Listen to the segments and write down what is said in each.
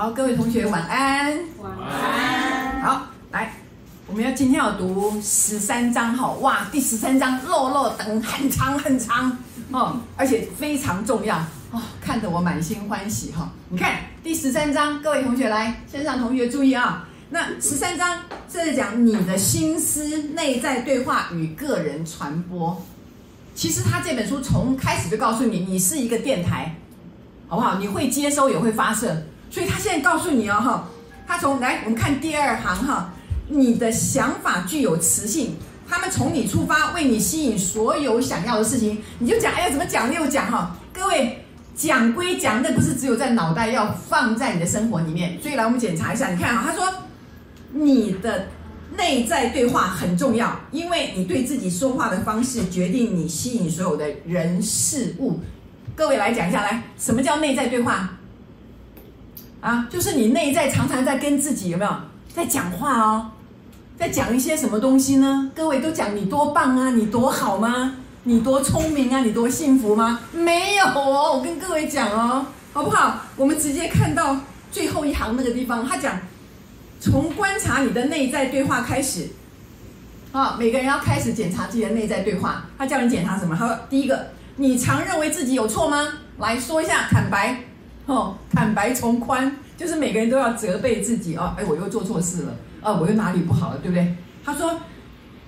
好，各位同學晚安。晚安。好，來，我們要今天要讀十三章，好哇，第十三章落落長很長很長，哦，而且非常重要哦，看得我滿心歡喜哈、哦。你看第十三章，各位同學來，線上同學注意啊、哦，那十三章是講你的心思、內在對話與個人傳播。其實他這本書從開始就告訴你，你是一個電台，好不好？你會接收，也會發射。所以他現在告訴你哦，哈，他從，來，我們看第二行哈，你的想法具有磁性，他們從你出發，為你吸引所有想要的事情，你就講，哎呀，怎麼講又講哈，各位講歸講，那不是只有在腦袋，要放在你的生活裡面。所以來我們檢查一下，你看哈，他說你的內在對話很重要，因為你對自己說話的方式決定你吸引所有的人事物。各位來講一下來，什麼叫內在對話？啊，就是你內在常常在跟自己有沒有在講話哦，在講一些什麼東西呢？各位都講你多棒啊，你多好嗎？你多聰明啊，你多幸福嗎？沒有哦，我跟各位講哦，好不好？我們直接看到最後一行那個地方，他講從觀察你的內在對話開始，啊，每個人要開始檢查自己的內在對話。他叫你檢查什麼？他說第一個，你常認為自己有錯嗎？來說一下，坦白。哦，坦白從寬，就是每個人都要責備自己哦。哎，我又做錯事了，哦，我又哪裡不好了，對不對？他說，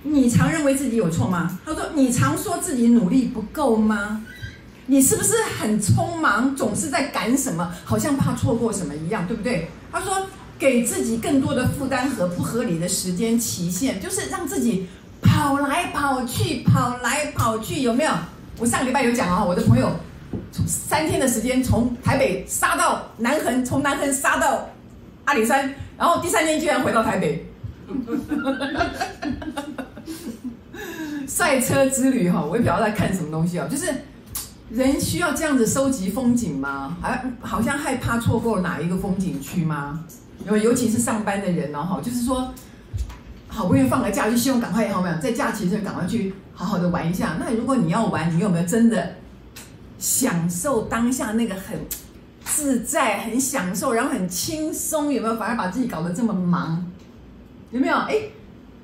你常認為自己有錯嗎？他說，你常說自己努力不夠嗎？你是不是很匆忙，總是在趕什麼，好像怕錯過什麼一樣，對不對？他說，給自己更多的負擔和不合理的時間期限，就是讓自己跑來跑去，跑來跑去，有沒有？我上個禮拜有講哦，我的朋友。三天的時間，從台北殺到南橫，從南橫殺到阿里山，然後第三天居然回到台北。賽 車之旅哈，我也不知道在看什麼東西。就是人需要這樣子收集風景嗎？好像害怕錯過哪一個風景區嗎？尤尤其是上班的人然後，就是說好不容易放個假，就希望趕快，好沒有，在假期就趕快去好好的玩一下。那如果你要玩，你有沒有真的？享受當下那個很自在，很享受，然後很輕鬆，有沒有？反而把自己搞得這麼忙，有沒有？哎，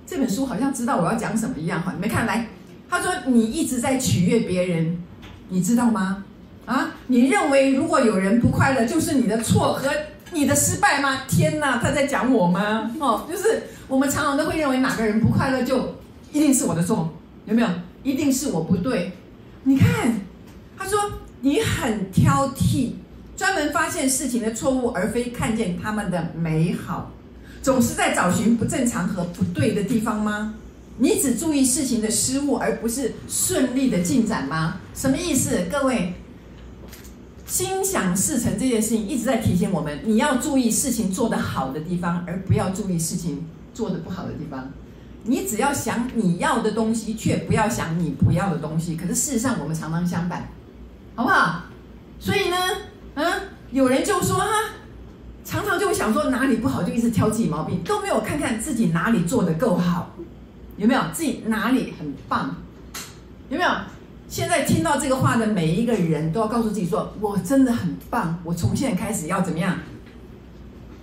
這本書好像知道我要講什麼一樣，哈，你們看來，他說你一直在取悅別人，你知道嗎？啊，你認為如果有人不快樂就是你的錯和你的失敗嗎？天哪，他在講我嗎？哦，就是我們常常都會認為哪個人不快樂就一定是我的錯，有沒有？一定是我不對，你看。他說：“你很挑剔，專門發現事情的錯誤，而非看見他們的美好，總是在找尋不正常和不對的地方嗎？你只注意事情的失誤，而不是順利的進展嗎？什麼意思，各位？心想事成這件事情一直在提醒我們，你要注意事情做得好的地方，而不要注意事情做得不好的地方。你只要想你要的東西，卻不要想你不要的東西。可是事實上，我們常常相反。”好不好？所以呢，嗯，有人就說哈，常常就會想說哪裡不好，就一直挑自己毛病，都沒有看看自己哪裡做得夠好，有沒有？自己哪裡很棒？有沒有？現在聽到這個話的每一個人都要告訴自己說，我真的很棒，我從現在開始要怎麼樣？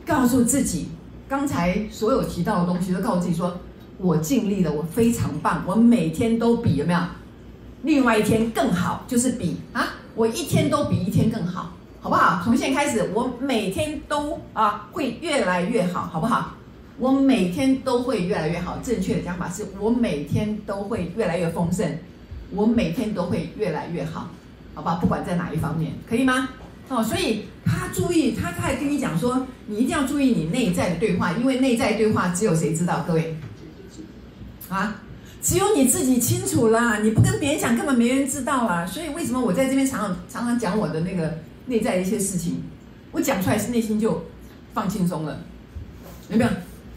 告訴自己，剛才所有提到的東西都告訴自己說，我盡力了，我非常棒，我每天都比有沒有？另外一天更好，就是比啊。我一天都比一天更好，好不好？從現在開始，我每天都啊會越來越好，好不好？我每天都會越來越好。正確的講法是我每天都會越來越豐盛，我每天都會越來越好，好不好？不管在哪一方面，可以嗎？哦，所以他注意，他還跟你講說，你一定要注意你內在的對話，因為內在對話只有誰知道，各位，啊？只有你自己清楚啦，你不跟別人講，根本沒人知道啦、啊。所以為什麼我在這邊常常，常常講我的那個內在的一些事情，我講出來是內心就放輕鬆了，有沒有？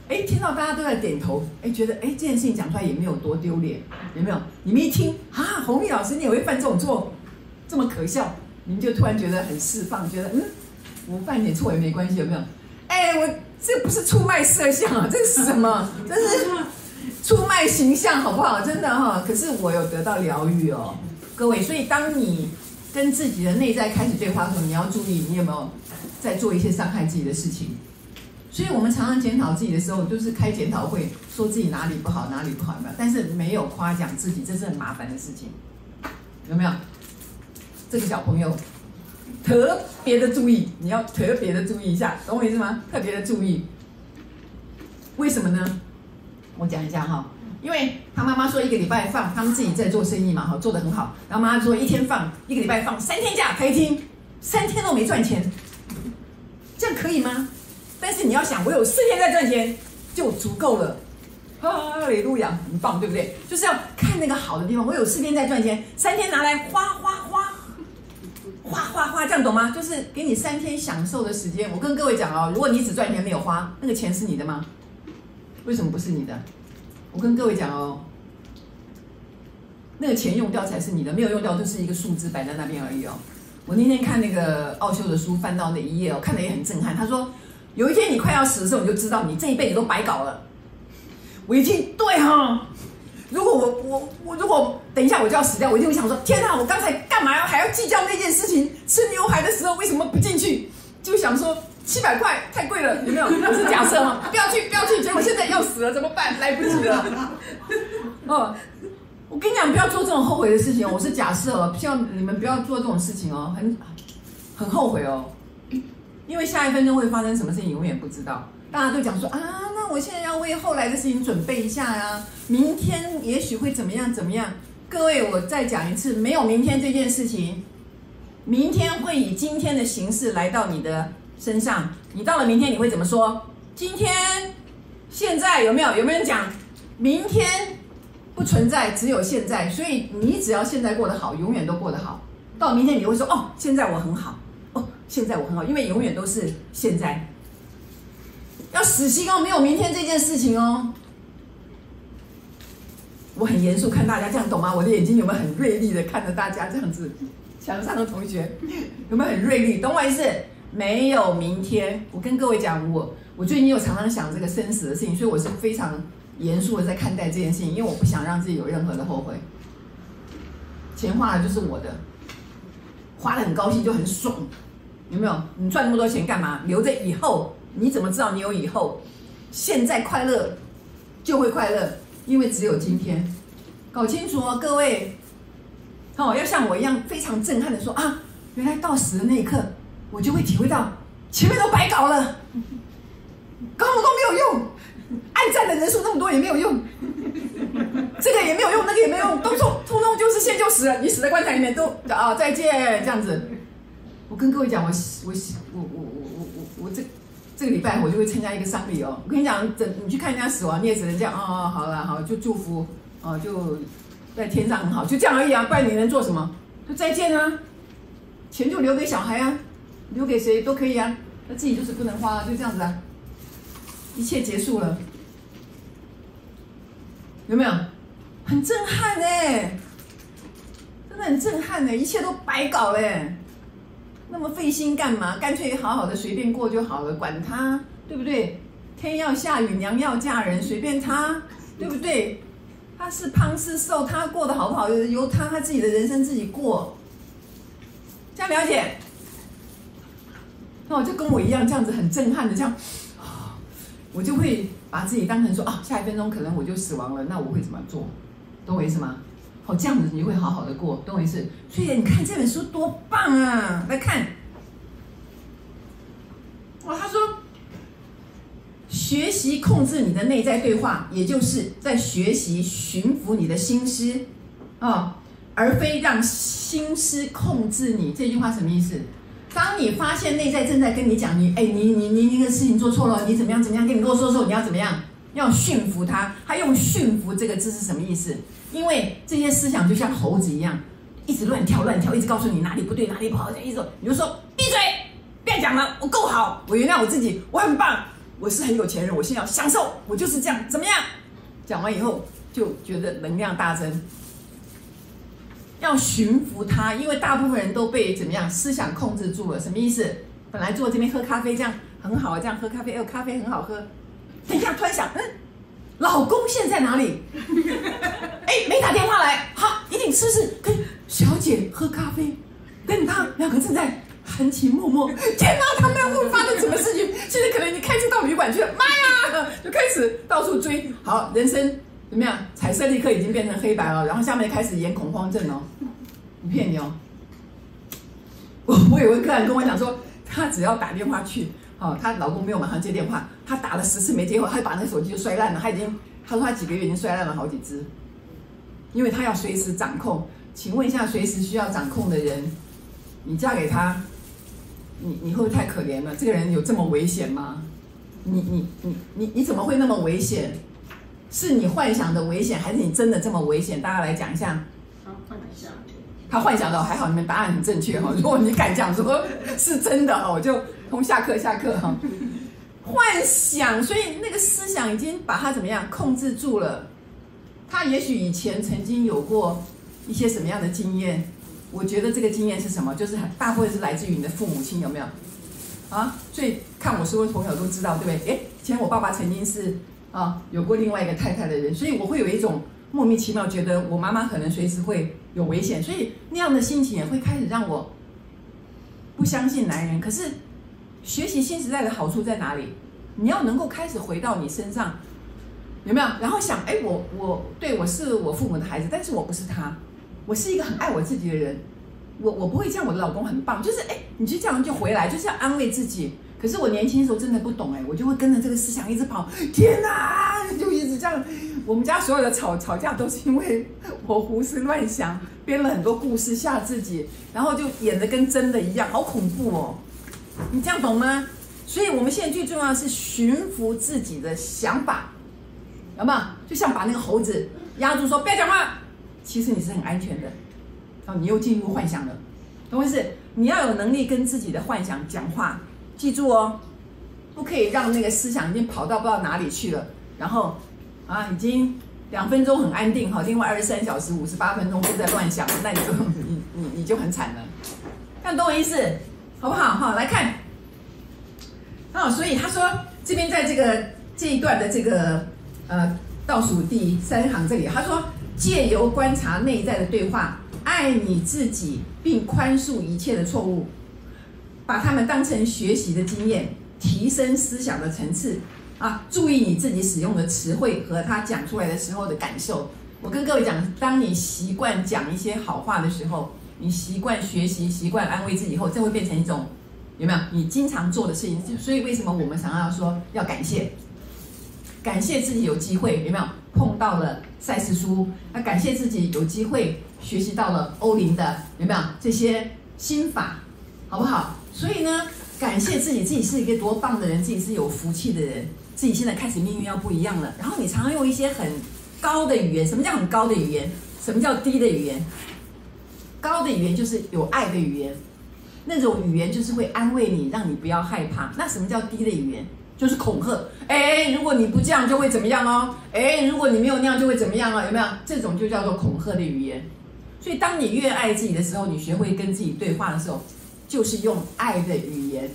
哎，聽到大家都在點頭，哎，覺得哎這件事情講出來也沒有多丟臉，有沒有？你們一聽啊，鴻玉老師你也會犯這種錯，這麼可笑，你們就突然覺得很釋放，覺得嗯，我犯點錯也沒關係，有沒有？哎，我這不是出賣色相啊，這是什麼？ 這是什麼？出賣形象好不好？真的哈、哦，可是我有得到療癒哦，各位。所以當你跟自己的內在開始對話的時候，你要注意，你有沒有在做一些傷害自己的事情？所以我們常常檢討自己的時候，都、就是開檢討會，說自己哪裡不好，哪裡不好，但是沒有誇獎自己，這是很麻煩的事情，有沒有？這個小朋友，特別的注意，你要特別的注意一下，懂我意思嗎？特別的注意，為什麼呢？我講一下哈，因為他媽媽說一個禮拜放，他們自己在做生意嘛，哈，做得很好。然後媽媽說一天放，一個禮拜放三天假開，開聽三天都沒賺錢，這樣可以嗎？但是你要想，我有四天在賺錢就足夠了。哈，李路陽很棒，對不對？就是要看那個好的地方，我有四天在賺錢，三天拿來花花花花花花，這樣懂嗎？就是給你三天享受的時間。我跟各位講哦，如果你只賺錢沒有花，那個錢是你的嗎？為什麼不是你的？我跟各位講哦，那個錢用掉才是你的，沒有用掉就是一個數字擺在那邊而已哦。我那天看那個奧修的書，翻到那一頁，我看得也很震撼。他說，有一天你快要死的時候，你就知道你這一輩子都白搞了。我一聽，對哈、哦，如果我我我如果等一下我就要死掉，我一定會想說，天哪，我剛才幹嘛要還要計較那件事情？吃牛排的時候為什麼不進去？就想說。七百塊太貴了，有沒有？我是假設嗎？ 不要去，不要去，結果現在要死了，怎麼辦？來不及了。哦、 嗯，我跟你講，你不要做這種後悔的事情、哦。我是假設哦，希望你們不要做這種事情哦，很很後悔哦。因為下一分鐘會發生什麼事情，永遠不知道。 大家都講說啊，那我現在要為後來的事情準備一下呀、啊。明天也許會怎麼樣？怎麼樣？各位，我再講一次，沒有明天這件事情，明天會以今天的形式來到你的身上，你到了明天你會怎麼說？今天，現在有沒有，有沒有人講？明天不存在，只有現在。所以你只要現在過得好，永遠都過得好。到明天你會說哦，現在我很好，哦，現在我很好，因為永遠都是現在。要死心哦，沒有明天這件事情哦。我很嚴肅看大家這樣，懂嗎？我的眼睛有沒有很銳利的看着大家這樣子？牆上的同學有沒有很銳利？懂我意思？沒有明天，我跟各位講，我我最近有常常想這個生死的事情，所以我是非常嚴肅的在看待這件事情，因為我不想讓自己有任何的後悔。錢花了就是我的，花了很高興就很爽，有沒有？你賺那麼多錢幹嘛？留着以後，你怎麼知道你有以後？現在快樂就會快樂，因為只有今天，搞清楚哦，各位。哦，要像我一樣非常震撼的說啊，原來到死的那一刻。我就會體會到，前面都白搞了，搞了都沒有用，按讚的人數那麼多也沒有用，這個也沒有用，那個也沒有用，都初衷就是先就死了，你死在棺材裡面都啊再見這樣子。我跟各位講，我我我我我我我這這個禮拜我就會參加一個喪禮哦。我跟你講，整你去看人家死亡，你也只能這樣哦哦，好了好，就祝福哦，就在天上很好，就這樣而已啊。不然你能做什麼？就再見啊，錢就留給小孩啊。留給誰都可以啊，他自己就是不能花、啊，就這樣子啊，一切結束了，有沒有？很震撼哎、欸，真的很震撼哎、欸，一切都白搞嘞、欸，那麼費心幹嘛？乾脆好好的隨便過就好了，管他，對不對？ 天要下雨娘要嫁人，隨便他，對不對？ 他是胖是瘦，他過得好不好，由由他他自己的人生自己過，這樣了解。那、哦、就跟我一樣，這樣子很震撼的這樣、哦，我就會把自己當成說哦、啊，下一分鐘可能我就死亡了，那我會怎麼做？懂我意思嗎？好、哦，這樣子你會好好的過，懂我意思？所以你看這本書多棒啊！來看，哦，他說，學習控制你的內在對話，也就是在學習馴服你的心思啊、哦，而非讓心思控制你。這句話什麼意思？當你發現內在正在跟你講你，哎，欸，你你你那個事情做錯了，你怎麼樣怎麼樣？跟你跟我說說，你要怎麼樣？要馴服他。他用“馴服”這個字是什麼意思？因為這些思想就像猴子一樣，一直亂跳亂跳，一直告訴你哪裡不對，哪裡不好。這樣一直說，你就說，閉嘴，別講了，我夠好，我原諒我自己，我很棒，我是很有錢人，我現在要享受，我就是這樣。怎麼樣？講完以後就覺得能量大增。要馴服他，因為大部分人都被怎麼樣思想控制住了？什麼意思？本來坐這邊喝咖啡，這樣很好啊，這樣喝咖啡，哎，咖啡很好喝。等一下，突然想，嗯，老公現在在哪裡？哎， 沒打電話來，好，一定是不是跟小姐喝咖啡？跟她兩個正在含情脈脈， 天哪，他們會發生什麼事情？現在可能你開車到旅館去了，媽呀，就開始到處追。好，人生。怎麼樣？彩色立刻已經變成黑白了，然後下面開始演恐慌症哦。不騙你哦，我我有個客人跟我講說，她只要打電話去，哈、哦，她老公沒有馬上接電話，她打了十次沒接後，她把那個手機就摔爛了。她已經她說她幾個月已經摔爛了好幾隻，因為她要隨時掌控。請問一下，隨時需要掌控的人，你嫁給他，你你會不會太可憐了？這個人有這麼危險嗎？你你你你你怎麼會那麼危險？是你幻想的危險，還是你真的這麼危險？大家來講一下。他、啊幻、啊、幻想的還好，你們答案很正確哈、哦。如果你敢講，說是真的我、哦、就通下課下課哈、哦。 幻想，所以那個思想已經把它怎麼樣控制住了。他也許以前曾經有過一些什麼樣的經驗？我覺得這個經驗是什麼？就是很大部分是來自於你的父母親，有沒有？啊，所以看我所有朋友都知道，對不對？誒，以前我爸爸曾經是。啊、哦，有過另外一個太太的人，所以我會有一種莫名其妙覺得我媽媽可能隨時會有危險，所以那樣的心情也會開始讓我不相信男人。可是學習新時代的好處在哪裡？你要能夠開始回到你身上，有沒有？然後想，哎，我我，對，我是我父母的孩子，但是我不是他，我是一個很愛我自己的人，我我不會這樣，我的老公很棒，就是哎，你就這樣就回來，就是要安慰自己。可是我年輕的時候真的不懂哎、欸，我就會跟着這個思想一直跑。天哪，就一直這樣。我們家所有的吵吵架都是因為我胡思亂想，編了很多故事嚇自己，然後就演得跟真的一樣，好恐怖哦。你這樣懂嗎？所以我們現在最重要的是馴服自己的想法，有沒有？就像把那個猴子壓住說，說不要講話。其實你是很安全的，然後你又進入幻想了，懂我意思？你要有能力跟自己的幻想講話。記住哦，不可以讓那個思想已經跑到不知道哪裡去了。然後，啊，已經兩分鐘很安定好，另外二十三小時五十八分鐘都在亂想，那你就你你你就很慘了。看懂我意思，好不好？好，來看。那、哦、所以他說，這邊在這個這一段的這個呃倒數第三行這裡，他說借由觀察內在的對話，愛你自己，並寬恕一切的錯誤。把他們當成學習的經驗，提升思想的層次，啊，注意你自己使用的詞彙和他講出來的時候的感受。我跟各位講，當你習慣講一些好話的時候，你習慣學習，習慣安慰自己後，這會變成一種有沒有你經常做的事情。所以為什麼我們想要說要感謝，感謝自己有機會有沒有碰到了賽斯書，啊，感謝自己有機會學習到了歐林的有沒有這些心法，好不好？所以呢，感謝自己，自己是一個多棒的人，自己是有福氣的人，自己現在開始命運要不一樣了。然後你常用一些很高的語言，什麼叫很高的語言？什麼叫低的語言？高的語言就是有愛的語言，那種語言就是會安慰你，讓你不要害怕。那什麼叫低的語言？就是恐嚇。哎，如果你不這樣就會怎麼樣哦？哎，如果你沒有那樣就會怎麼樣啊、哦？有沒有？這種就叫做恐嚇的語言。所以當你越愛自己的時候，你學會跟自己對話的時候。就是用愛的語言，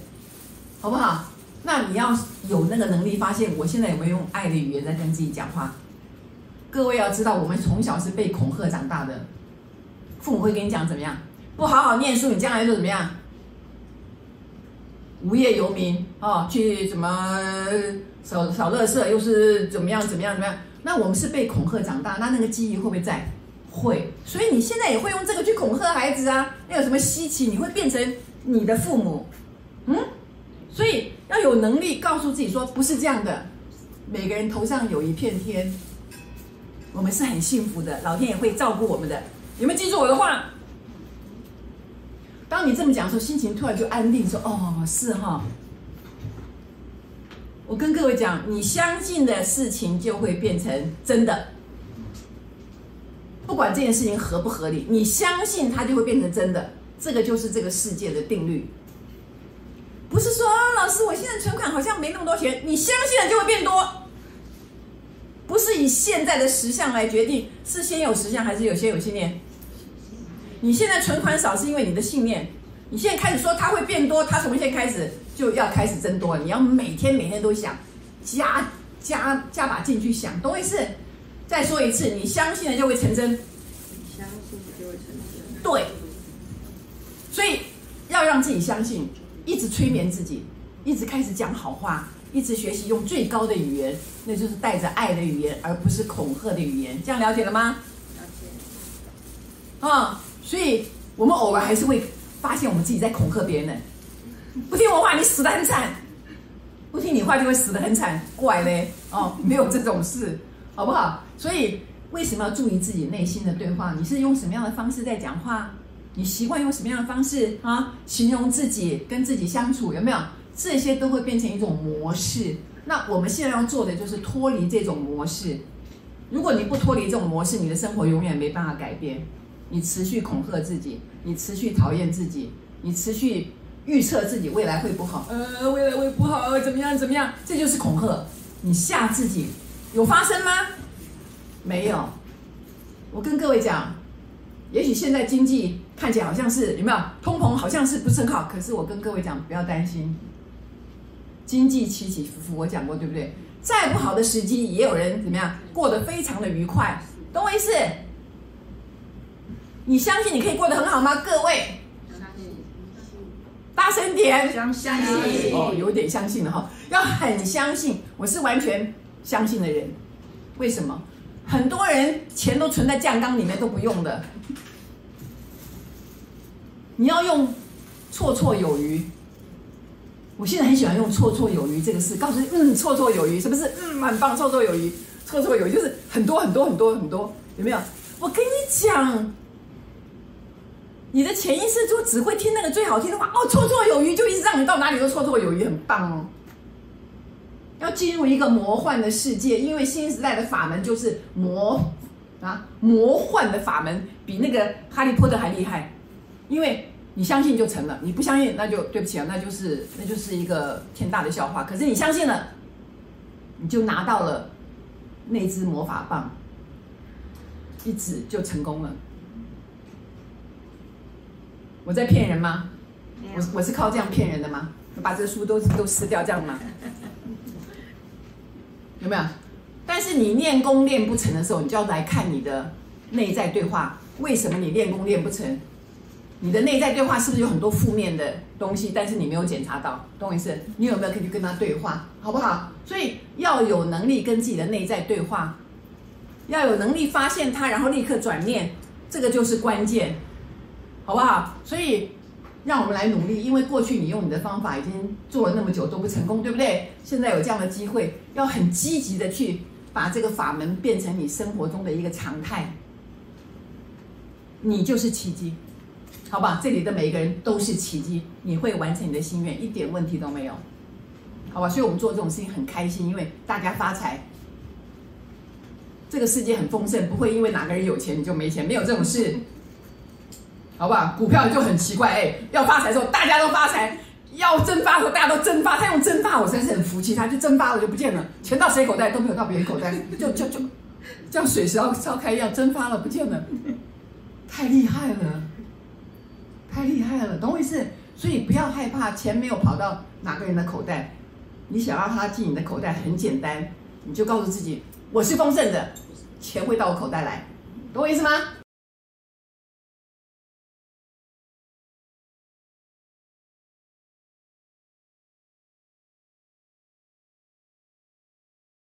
好不好？那你要有那個能力，發現我現在有沒有用愛的語言在跟自己講話？各位要知道，我們從小是被恐嚇長大的，父母會跟你講怎麼樣，不好好念書，你將來就怎麼樣，無業遊民哦，去什麼掃掃垃圾，又是怎麼樣，怎麼樣，怎麼樣？那我們是被恐嚇長大，那那個記憶會不會在？會，所以你現在也會用這個去恐嚇孩子啊？那有什麼稀奇？你會變成你的父母，嗯？所以要有能力告訴自己說，不是這樣的。每個人頭上有一片天，我們是很幸福的，老天也會照顧我們的。有沒有記住我的話？當你這麼講的時候，心情突然就安定說。說哦，是哈、哦。我跟各位講，你相信的事情就會變成真的。不管這件事情合不合理，你相信它就會變成真的。這個就是這個世界的定律。不是說，老師，我現在存款好像沒那麼多錢，你相信了就會變多。不是以現在的實相來決定，是先有實相還是有先有信念？你現在存款少是因為你的信念。你現在開始說它會變多，它從現在開始就要開始增多。你要每天每天都想，加加加把勁去想，懂我意思？再說一次，你相信了就會成真。你相信就會成真。對。所以要讓自己相信，一直催眠自己，一直開始講好話，一直學習用最高的語言，那就是帶着愛的語言，而不是恐嚇的語言。這樣了解了嗎？了解。啊、哦，所以我們偶爾還是會發現我們自己在恐嚇別人。不聽我話，你死得很慘；不聽你話，就會死得很慘。怪嘞，哦，沒有這種事。好不好？所以為什麼要注意自己內心的對話？你是用什麼樣的方式在講話？你習慣用什麼樣的方式啊？形容自己跟自己相處有沒有？這些都會變成一種模式。那我們現在要做的就是脫離這種模式。如果你不脫離這種模式，你的生活永遠沒辦法改變。你持續恐嚇自己，你持續討厭自己，你持續預測自己未來會不好。呃，未來會不好，怎麼樣？怎麼樣？這就是恐嚇，你嚇自己。有發生嗎？沒有。我跟各位講，也許現在經濟看起來好像是有沒有通膨，好像是不很好。可是我跟各位講，不要擔心，經濟起起伏伏，我講過對不對？再不好的時機，也有人怎麼樣過得非常的愉快，懂我意思？你相信你可以過得很好嗎？各位，大聲點，相，相信哦，有點相信了哈，要很相信，我是完全。相信的人，為什麼？很多人錢都存在醬缸裡面都不用的，你要用，綽綽有餘。我現在很喜歡用“綽綽有餘”這個事告訴你，嗯，綽綽有餘，是不是？嗯，很棒，綽綽有餘，綽綽有餘就是很多很多很多很多，有沒有？我跟你講，你的潛意識就只會聽那個最好聽的話，哦，綽綽有餘，就一直讓你到哪裡都綽綽有餘，很棒哦。要進入一個魔幻的世界，因為新時代的法門就是魔啊，魔幻的法門比那個哈利波特還厲害。因為你相信就成了，你不相信那就對不起啊，那就是那就是一個天大的笑話。可是你相信了，你就拿到了那支魔法棒，一指就成功了。我在騙人嗎？我我是靠這樣騙人的嗎？我把這個書都都撕掉這樣嗎？有沒有？但是你練功練不成的時候，你就要來看你的內在對話。為什麼你練功練不成？你的內在對話是不是有很多負面的東西？但是你沒有檢查到，懂我意思？你有沒有可以去跟他對話，好不好？所以要有能力跟自己的內在對話，要有能力發現它，然後立刻轉念，這個就是關鍵，好不好？所以。讓我們來努力，因為過去你用你的方法已經做了那麼久都不成功，對不對？現在有這樣的機會，要很積極的去把這個法門變成你生活中的一個常態。你就是奇蹟，好吧？這裡的每一個人都是奇蹟，你會完成你的心願，一點問題都沒有，好吧？所以我們做這種事情很開心，因為大家發財，這個世界很豐盛，不會因為哪個人有錢你就沒錢，沒有這種事。好不好？股票就很奇怪，哎、欸，要發財的時候大家都發財，要蒸發的時候大家都蒸發。他用蒸發，我真是很服氣，他就蒸發了就不見了，錢到誰口袋都沒有到別人口袋， 就就就，像水燒燒開一樣蒸發了不見了，太厲害了，太厲害了，懂我意思？所以不要害怕錢沒有跑到哪個人的口袋，你想讓他進你的口袋很簡單，你就告訴自己我是豐盛的，錢會到我口袋來，懂我意思嗎？